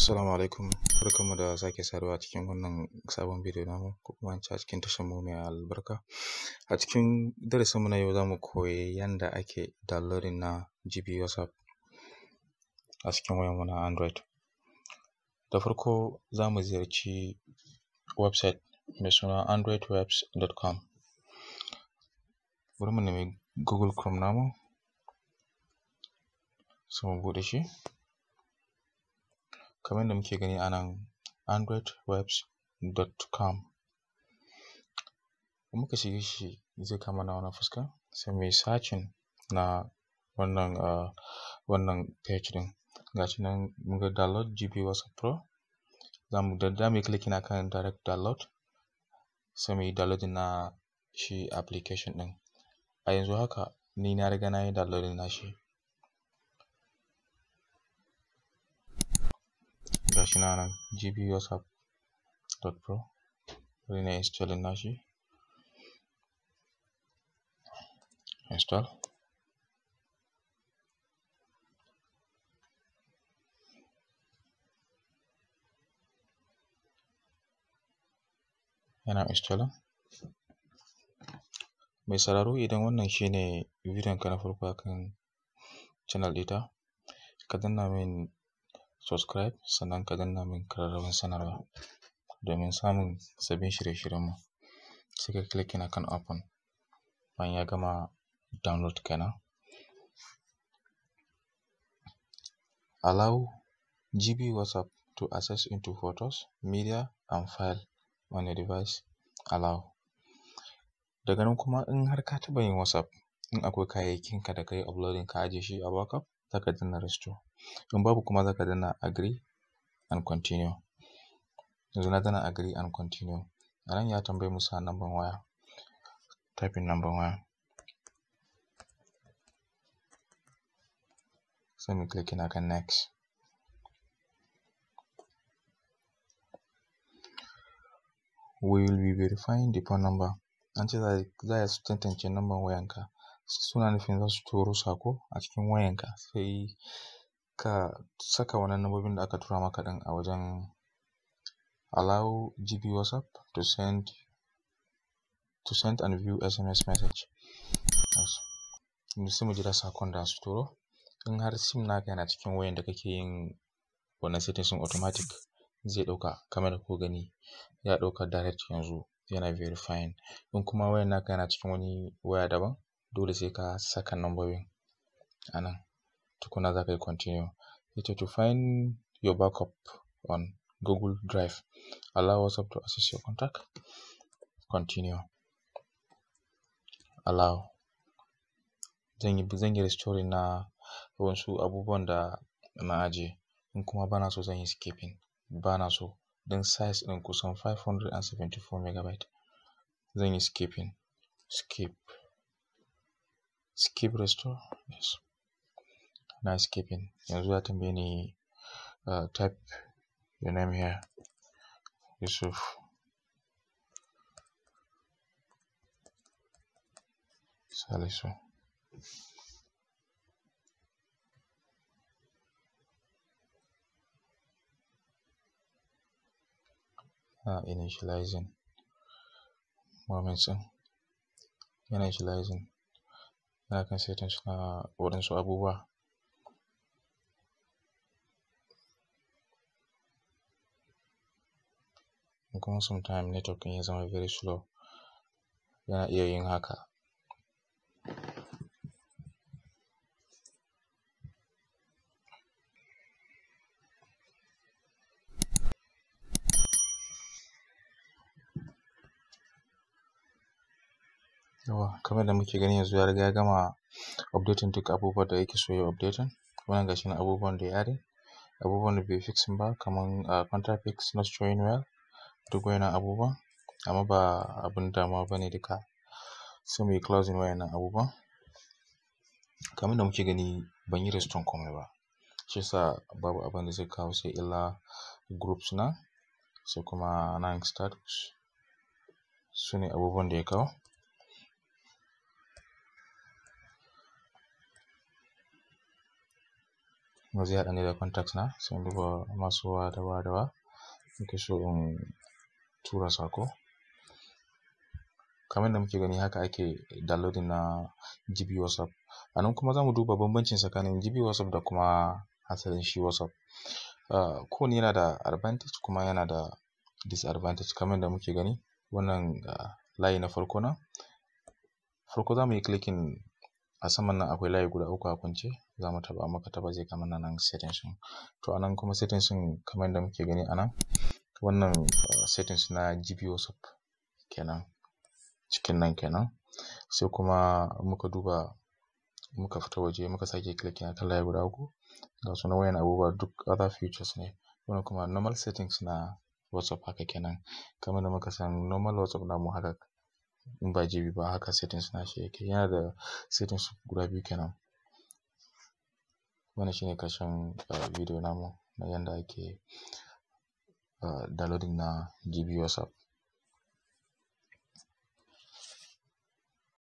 Assalamu alaikum barkanmu da sake saduwa cikin wannan sabon bidiyo namu ko kuma a cikin tashar mu mai albarka a cikin darasin mu na yau zamu koyi yanda ake downloading na GB WhatsApp a cikin mu na Android da farko za mu ziyarci website mai suna androidwebs.com bari mu nemi Google Chrome namu sai mu buɗe shi kamar yadda muke gani a anan androidwebs.com in muka shige shi zai kawo mana wannan fuska sai mu yi searching na wannan uh, wannan page ga shi nan mun ga download GB WhatsApp Pro za mu da mu yi clicking akan direct download sai mu yi downloading na shi application ɗin a yanzu haka ni na riga na yi downloading na shi Shinano GPU WhatsApp dot pro. Rene install in Nashi. Install. Yana installer. Mai sauraro idan wannan shine bidiyon ka na farko akan channel ɗita, ka danna min subscribe sannan ka danna min ƙararrawar sanarwa domin samun sabbin shirye-shiryenmu sai ka kan kan open bayan ya gama download kenan allow GB WhatsApp to access into photos, media and file on your device allow daga nan kuma in har ka taɓa yin WhatsApp in akwai kayayyakin ka da ka yi uploading ka ajiye shi a backup za ka danna restore In babu kuma za ka agree and continue. Yanzu na danna agree and continue. A nan ya tambaye mu sa number waya. Typing number waya. Sai mu clicking akan next. We will be verifying the phone number. An ce za su tantance number wayanka. Suna nufin za su turo sako a cikin wayanka sai ka saka wannan lambobin da aka tura maka ɗin a wajen allow GB WhatsApp to send, to send and view SMS message. Sai mu jira sakon da su turo. In har SIM naka yana cikin wayan da kake yin wannan settings automatic zai ɗauka kamar da gani ya ɗauka direct yanzu yana verifying. In kuma wayan naka yana cikin wani waya daban dole sai ka saka lambobin anan. to another guy continue. It will to find your backup on Google Drive. Allow WhatsApp to access your contact. Continue. Allow. Zan yi zan restoring na wasu abubuwan da na aje in kuma bana so zan skipping bana so don size ɗin kusan 574 megabyte zan skipping skip skip restore yes na skipping. Yanzu ya tambaye ni uh, type your name here. Yusuf. Salisu. Uh, initializing moments ɗin initializing na kan setin suna waɗansu abubuwa Kuma sometimes networking ya zama very slow, yana iya yin haka. yawa kamar da muke gani yanzu ya riga ya gama updating duk abubuwan da yake so ya updating. Wannan gashi nan abubuwan da ya adding, abubuwan da bai fixing ba kaman ah, contract fix not showing well. duk wa'innan abubuwan amma ba abun damuwa ba ne duka. Sai yi closing wa'innan abubuwan. Kamar da muke gani ban yi restore komai ba. Shi yasa babu abin da zai kawo sai illa groups na sai kuma nan status. Su ne abubuwan da ya kawo. Kuma zai haɗa ne da contacts na sai in duba masu wa da wa da wa. so in tura saƙo. Kamar yadda muke gani haka ake downloading na GB WhatsApp. A nan kuma za mu duba bambancin tsakanin GB WhatsApp da kuma asalin shi WhatsApp. Ah, kowanne yana da advantage kuma yana da disadvantage kamar yadda muke gani. Wannan layi na farko nan, farko za mu yi clicking a saman nan akwai layi guda uku a kwance. Za mu taɓa, muka taɓa zai kama mana nan settings ɗin. To a nan kuma settings ɗin kamar yadda muke gani a nan. wannan eh, settings na gbwhatsapp kenan cikin nan kenan sai kuma muka duba muka fita waje muka sake kenan kan layi guda uku ga su wayan abubuwa duk other features ne wannan kuma normal settings na whatsapp haka kenan kamar da muka san normal whatsapp namu haka in ba gb ba haka settings na shi yake yana da settings guda biyu kenan wannan shine ƙarshen bidiyo eh, namu na yanda ake Uh, downloading now, GB WhatsApp.